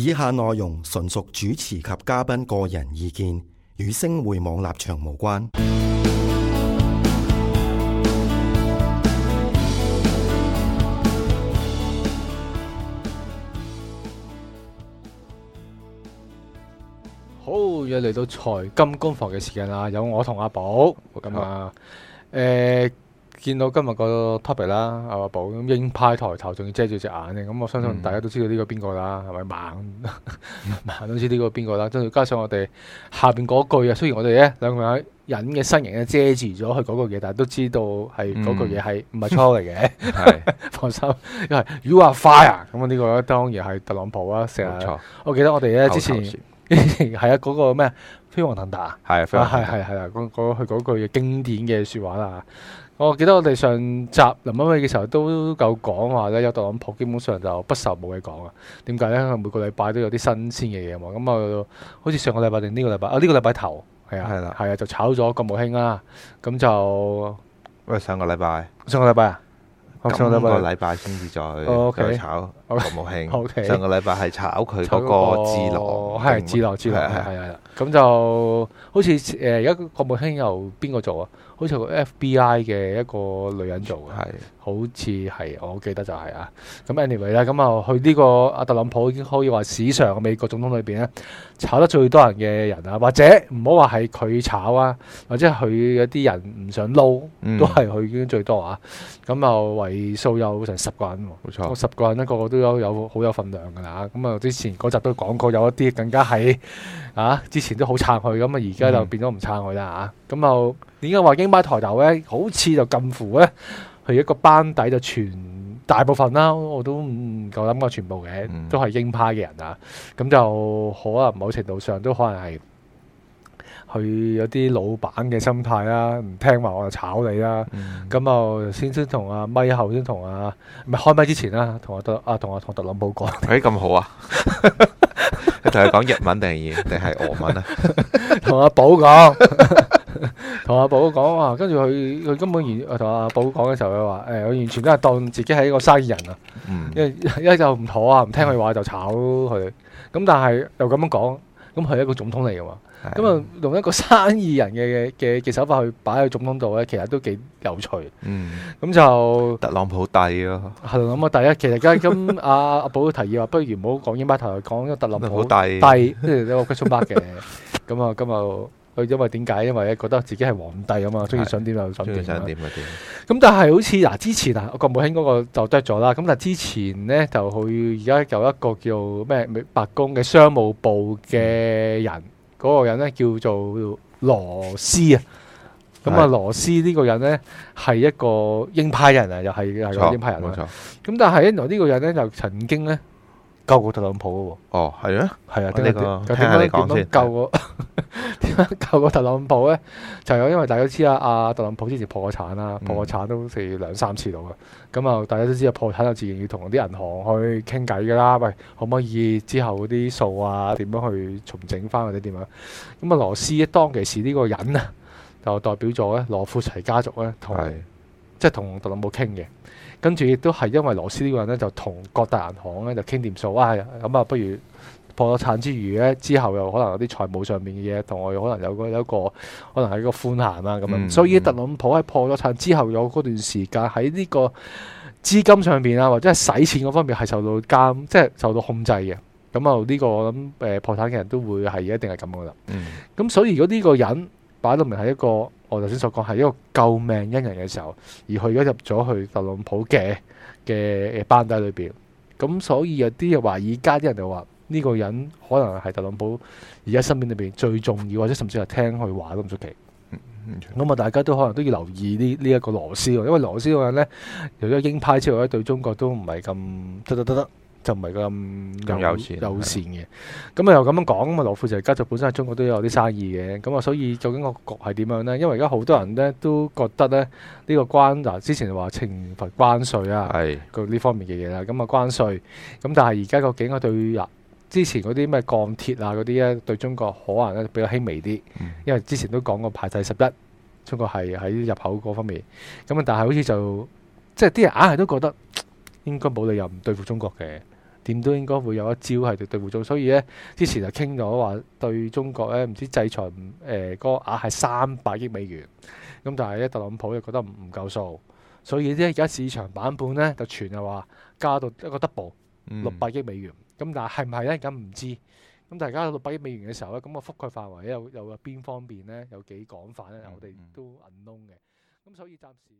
以下內容純屬主持及嘉賓個人意見，與星匯網立場無關。好，又嚟到財金工房嘅時間啦，有我同阿寶，咁啊，誒好。呃見到今日個 topic 啦，阿、啊、寶，鷹派抬頭仲要遮住隻眼嘅，咁我相信大家都知道呢個邊個啦，係咪、嗯、猛？猛都知呢個邊個啦，嗯、加上我哋下邊嗰句啊，雖然我哋咧兩個人嘅身形咧遮住咗佢嗰個嘢，但係都知道係嗰個嘢係唔係錯嚟嘅，放心，因為 you are fire，咁呢個當然係特朗普啦，成日錯我記得我哋咧之前。頭頭係 啊，嗰、那個咩飛黃騰達啊，係啊，係係係啦，嗰佢句經典嘅說話啦。我記得我哋上集林 u m 嘅時候都夠講話咧，有特朗普基本上就不愁冇嘢講啊。點解咧？每個禮拜都有啲新鮮嘅嘢嘛。咁啊，好似上個禮拜定呢個禮拜啊？呢個禮拜頭係啊，係啦，係啊，就炒咗個國務卿啦，啊。咁就喂，上個禮拜，上個禮拜啊。我上個禮拜先至再再炒、oh、okay, 國務卿，Okay. 上個禮拜係炒佢嗰個智囊、嗯，係智囊智囊係係係啦。咁就好似誒，而家國務卿由邊個做啊？好似個 FBI 嘅一個女人做嘅、啊，係的，好似係我記得就係啊。咁 anyway 啦、這個，咁啊去呢個阿特朗普已經可以話史上美國總統裏邊咧炒得最多人嘅人啊，或者唔好話係佢炒啊，或者佢有啲人唔想撈，都係佢已經最多啊。咁、嗯、 啊係數有成十個人，冇錯錯，十個人咧，個個個都有有好有份量噶啦，咁啊之前嗰集都講過有一啲更加係啊，之前都好撐佢，咁啊而家就變咗唔撐佢啦啊，咁啊點解話鷹派抬頭咧，好似就近乎咧，佢一個班底就全大部分啦，我都唔夠諗過全部嘅，嗯、都係鷹派嘅人啊，咁就可能某程度上都可能係。佢有啲老闆嘅心態啦、啊，唔聽話我就炒你啦。咁啊，嗯、先先同阿咪後先同阿唔係開咪之前啦、啊，同阿、啊啊啊、特啊同阿同特朗普講、欸，誒咁好啊！ 你同佢講日文定係二定係俄文 啊，寶 啊，啊？同阿寶講，同阿寶講啊，跟住佢佢根本完，同、啊、阿、啊、寶講嘅時候，佢話誒，我完全都係當自己係一個生意人啊，嗯、因為一一就唔妥啊，唔聽佢話就炒佢。咁但係又咁樣講，咁佢係一個總統嚟嘅嘛。咁啊，用一個生意人嘅嘅嘅手法去擺喺總統度咧，其實都幾有趣。嗯，咁就特朗普帝咯。嚇咁啊，第一，其實而家咁阿阿寶提議話，不如唔好講英巴台，講一特朗普帝，即係一個 quick shock 嘅。咁啊，咁啊，佢因為點解？因為咧，覺得自己係皇帝啊嘛，中意想點就想點。中意想點咪點。咁但係好似嗱，之前啊，國務卿嗰個就 drop 咗啦。咁但係之前咧，就佢而家有一個叫做咩白宮嘅商務部嘅人。嗰個人咧叫做羅斯啊，咁、嗯、啊的羅斯呢個人咧係一個鷹派人啊，又係係個鷹派人啊，咁錯但係呢個呢個人咧就曾經咧救過特朗普嘅喎，哦係的啊，係、這個、啊，這個、聽下你講先。 舊個特朗普咧，就是、因為大家都知道阿、啊、特朗普之前破過產啦，破過產都似兩三次到嘅。咁、嗯、啊，嗯、大家都知道破產就自然要同啲銀行去傾偈嘅啦。喂，可唔可以之後啲數啊，點樣去重整翻或者點樣？咁、嗯、啊，羅斯當其時呢個人啊，就代表咗咧羅富齊家族咧，同是的 即係同特朗普傾嘅。跟住亦都係因為羅斯呢個人咧，就同各大銀行咧就傾掂數啊。咁啊，嗯、不如～破咗產之餘咧，之後又可能有啲財務上面嘅嘢，同我可能有個有一個可能係一個寬限啦。咁樣、嗯。嗯、所以特朗普喺破咗產之後，有嗰段時間喺呢個資金上邊啊，或者係使錢嗰方面係受到監，即係受到控制嘅。咁啊，呢個我諗誒破產嘅人都會係一定係咁噶啦。咁、嗯、所以如果呢個人擺到明係一個我頭先所講係一個救命恩人嘅時候，而佢而家入咗去特朗普嘅嘅班底裏邊，咁所以有啲人話，而家啲人就話。呢個人可能係特朗普而家身邊裏邊最重要，或者甚至係聽佢話都唔出奇。咁啊、嗯，嗯、大家都可能都要留意呢呢一個羅斯，因為羅斯嗰個人咧，由於係鷹派之外咧，對中國都唔係咁得得得得，嗯、就唔係咁咁友善友善嘅。咁啊、嗯，又咁樣講咁啊，羅富就家族本身喺中國都有啲生意嘅。咁啊，所以究竟個局係點樣呢？因為而家好多人咧都覺得咧，呢、這個關嗱，之前話懲罰關稅啊，係呢是方面嘅嘢啦。咁啊，關稅，咁但係而家個境啊對，對，對之前嗰啲咩鋼鐵啊嗰啲咧，對中國可能咧比較輕微啲，因為之前都講過排第十一，中國係喺入口嗰方面。咁啊，但係好似就即係啲人硬係都覺得應該冇理由唔對付中國嘅，點都應該會有一招係對對付中。所以咧，之前就傾咗話對中國咧，唔知制裁誒嗰額係三百億美元。咁但係咧，特朗普又覺得唔夠數，所以咧，而家市場版本咧就全係話加到一個 double。嗯、六百億美元，咁但係係唔係咧？咁唔知。咁大家有六百億美元嘅時候咧，咁個覆蓋範圍又有邊方面咧？有幾廣泛咧？嗯嗯我哋都 unknown 嘅。咁所以暫時。